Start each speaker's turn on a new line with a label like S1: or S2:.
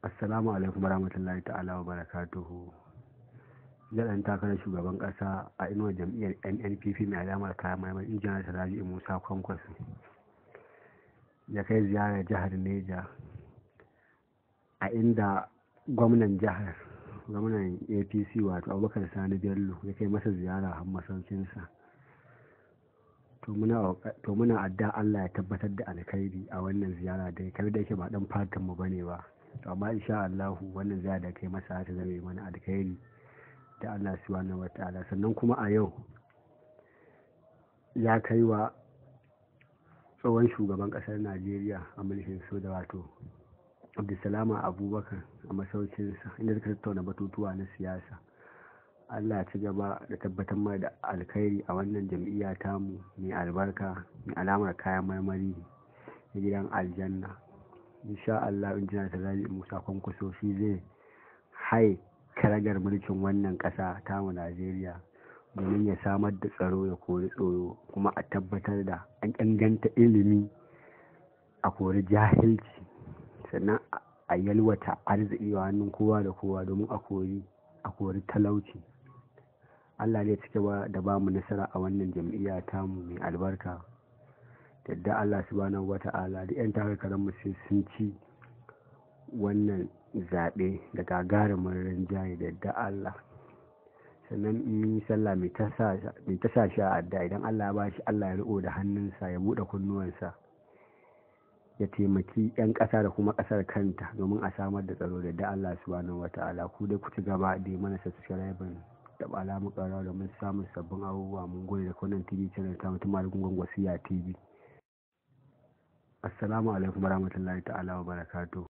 S1: assalamu alaikum warahmatullahi ta'ala wa barakatuhu zaɗan takarar shugaban ƙasa a inuwar jam'iyyar nnpp mai alamar kayan marmar injiniyar saraji musa kwankwas ya kai ziyarar jihar neja a inda gwamnan jihar gwamnan apc wato abubakar sani bello ya kai masa ziyara a masaukinsa to muna adda allah ya tabbatar da alkhairi a wannan ziyara dai kar da yake ba dan fatan mu bane ba amma insha Allah wannan za da kai masa ta zame mana alkhairi da Allah subhanahu wataala sannan kuma a yau ya kai wa tsohon shugaban kasar Najeriya a mulkin soja wato Abdulsalam Abubakar a sa inda suka tattauna batutuwa na siyasa Allah ya ci gaba da tabbatar mai da alkhairi a wannan jam'iyya mu mai albarka mai alamar kayan marmari na gidan aljanna insha Allah in jina Rabi Musa Kwankwaso shi zai hai karagar mulkin wannan ƙasa tamu Najeriya domin ya samar da tsaro ya kori tsoro kuma a tabbatar da an ganganta ilimi a kori jahilci sannan a yalwata arziki wa hannun kowa da kowa domin a kori a kori talauci Allah ne cike da ba mu nasara a wannan jam'iyya tamu mai albarka yadda Allah subhanahu ala da 'yan takarar mu sun ci wannan zaɓe da gagarumin rinjaye da yadda Allah sannan yi sallah mai ta sa shi a adda idan Allah ya bashi Allah ya riko da hannunsa ya buɗe kunnuwansa ya taimaki 'yan ƙasa da kuma ƙasar kanta domin a samar da tsaro da yadda Allah subhanahu ala ku dai ku ci gaba da mana subscribe da alamu da domin samun sabbin abubuwa mun gode da kwanan tv channel ta mutum malugun gwangwasiya tv assalamu alaikum warahmatullahi ta'ala wa barakatu.